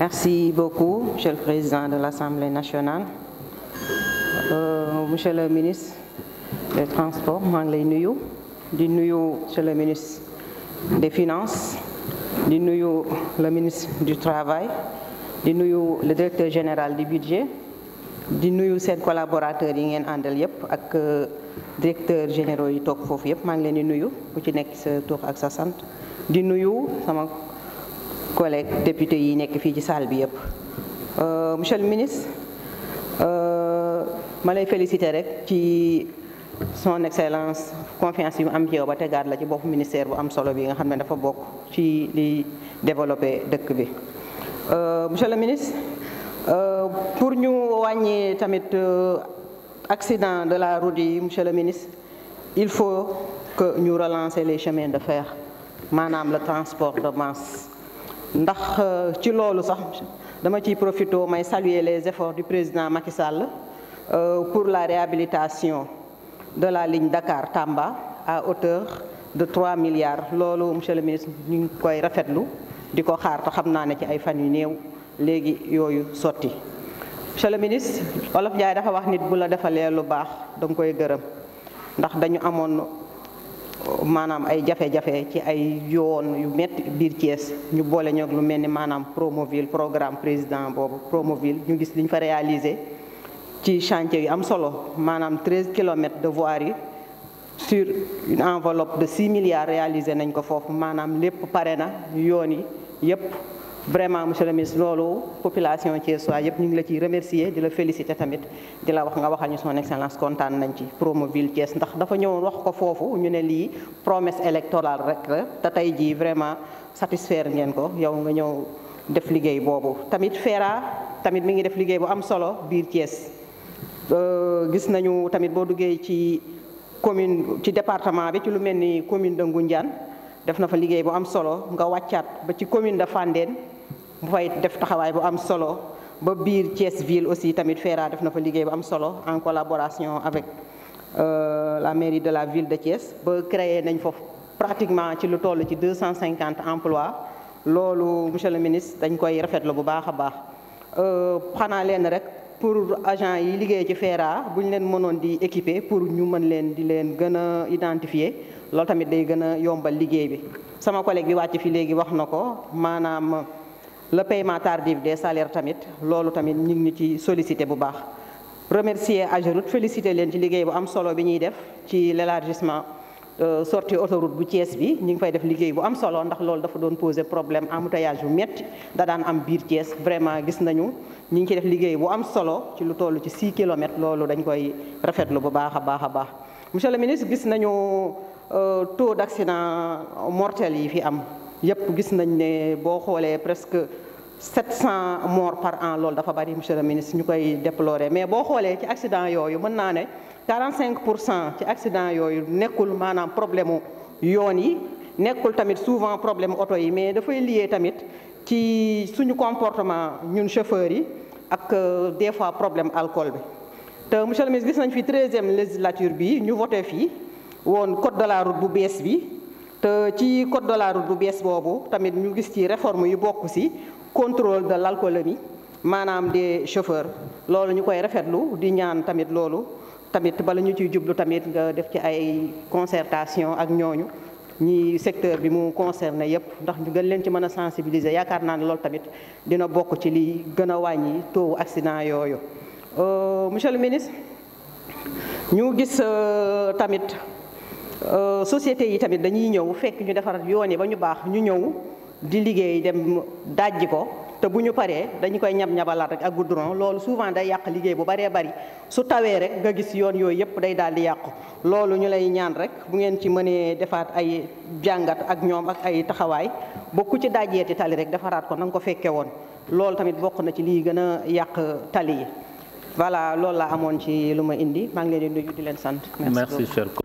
Merci beaucoup, Monsieur le Président de l'Assemblée nationale. Euh, monsieur le ministre des Transports, maa lay nuyu monsieur le ministre des Finances M. le ministre du Travail M. le directeur général du budget M. nuyu collaborateur collaborateurs yi ngeen àndal le ak général euh, général yi toog Yep, yëpp maa ngi nuyu ku collègues députés yi nekk fii ci salle bi yëpp euh, monsieur le ministre euh, ma lay féliciter rek ci son excellence confiance yi mu am ci yow ba tegaat la ci boppu ministère bu am solo bi nga xamné dafa bok ci li développer dëkk bi euh monsieur le ministre euh pour ñu wàññi tamit euh, accident de la route yi monsieur le ministre il faut que ñu relancer les chemins de fer manam le transport de masse ndax euh, ci loolu sax dama ciy profité may saluer les efforts du président Macky Sall euh, pour la réhabilitation de la ligne Dakar Tamba à hauteur de 3 milliards loolu monsieur le ministre ñu ngi koy rafetlu di ko xaar te xam naa ne ci ay fan yu néew léegi yooyu sotti monsieur le ministre Olof Njaay dafa wax nit bu la defalee lu baax danga koy gërëm ndax dañu amoon maanaam ay jafe-jafe ci ay yoon yu métti biir Thiès ñu boole ñoog lu mel ni maanaam Promoville programme président boobu Promoville ñu gis liñ fa réaliser ci chantier yu am solo maanaam 13 kilomètres de voirie sur une enveloppe de 6 milliards réaliser nañ ko foofu maanaam lépp pare na yoon yi yépp vraiment monsieur le ministre loolu population thiessoise yëpp ñu ngi la ci remercier di la féliciter tamit di la wax nga waxal ñu son excellence contane nañ ci ville Thiès ndax dafa ñëwoon wax ko fofu ñu né li promesse électorale rek la te tey vraiment satisfaire ngeen ko yow nga ñëw def liguey bobu tamit FERA tamit mi ngi def liguey bu am solo biir euh gis nañu tamit bo duggé ci commune ci département bi ci lu melni commune de Ngoundiane def na fa liggéey bu am solo nga wàccaat ba ci commune de fandene bu def taxawaay bu am solo ba bir Thiès ville aussi tamit FERA def na fa liggéey bu am solo en collaboration avec euh, la mairie de la ville de Thiès ba créer nañ fof pratiquement ci lu toll ci 250 emplois lolu monsieur le ministre dañ koy rafetlu bu baax a baax euh, xanaa leen rek pour agent yi liguey ci FERA buñ len leen di équiper pour ñu mën len di len gëna identifier lolu tamit day gëna yombal liguey bi sama collègue bi wacc fi légui wax nako manam maanaam le paiement tardif des salaires tamit loolu tamit ñing ngi ci solliciter bu baax remercier Ageroute féliciter len ci liguey bu am solo bi ñuy def ci l'élargissement euh, sortie autoroute bu Thiès bi ñing fay def liguey bu am solo ndax loolu dafa doon poser problème embouteillage bu métti da daan am biir Thiès vraiment gis nañu ñing ci def liguey bu am solo ci lu tollu ci 6 km loolu dañ koy rafetlu bu baaxa baaxa baax baax monsieur le ministre gis nañu euh, taux d'accident mortel yi fi am yep gis nañ né bo xolé presque 700 morts par an loolu dafa bari monsieur le ministre ñukay déplorer mais bo xolé ci accident yoyu mën na né 45 ci accident yoyu nekul manam problème yoon yi nekul tamit souvent problème auto yi mais da fay lié tamit ci suñu comportement ñun chauffeur yi ak euh, des fois problème alcool bi. te monsieur le ministre gis nañ fi 13e législature bi ñu voté fi won code de la route bu bees bi. ci code de la bu bees boobu tamit ñu gis ci réforme yu bokk si contrôle de l'alcoolémie maanaam des chauffeurs loolu ñu koy rafetlu di ñaan tamit loolu tamit bala ñu ciy jublu tamit nga def ci ay concertation ak ñooñu ñi secteur bi mu concerné yépp ndax ñu gën leen ci mën a sensibiliser yaakaar naa ne loolu tamit dina bokk ci li gën a wàññi taux accident yooyu euh, monsieur le ministre ñu gis euh, tamit Euh, société yi tamit dañuy ñëw fekk ñu defar yoon yi ba ñu baax ñu ñëw di liggéey dem dàjj ko te bu ñu paree dañu koy ñab ñabalaat rek ak goudron loolu souvent day yàq liggéey bu baree bari su tawee rek nga gis yoon yooyu yëpp day daal di yàqu loolu ñu lay ñaan rek bu ngeen ci mënee defaat ay jàngat ak ñoom ak ay taxawaay ba ku ci dajjeeti tali rek defaraat ko na nga ko fekke woon loolu tamit bokk na ci lii gën a yàq tali yi voilà loolu laa amoon ci lu ma indi maa ngi leen leen sant.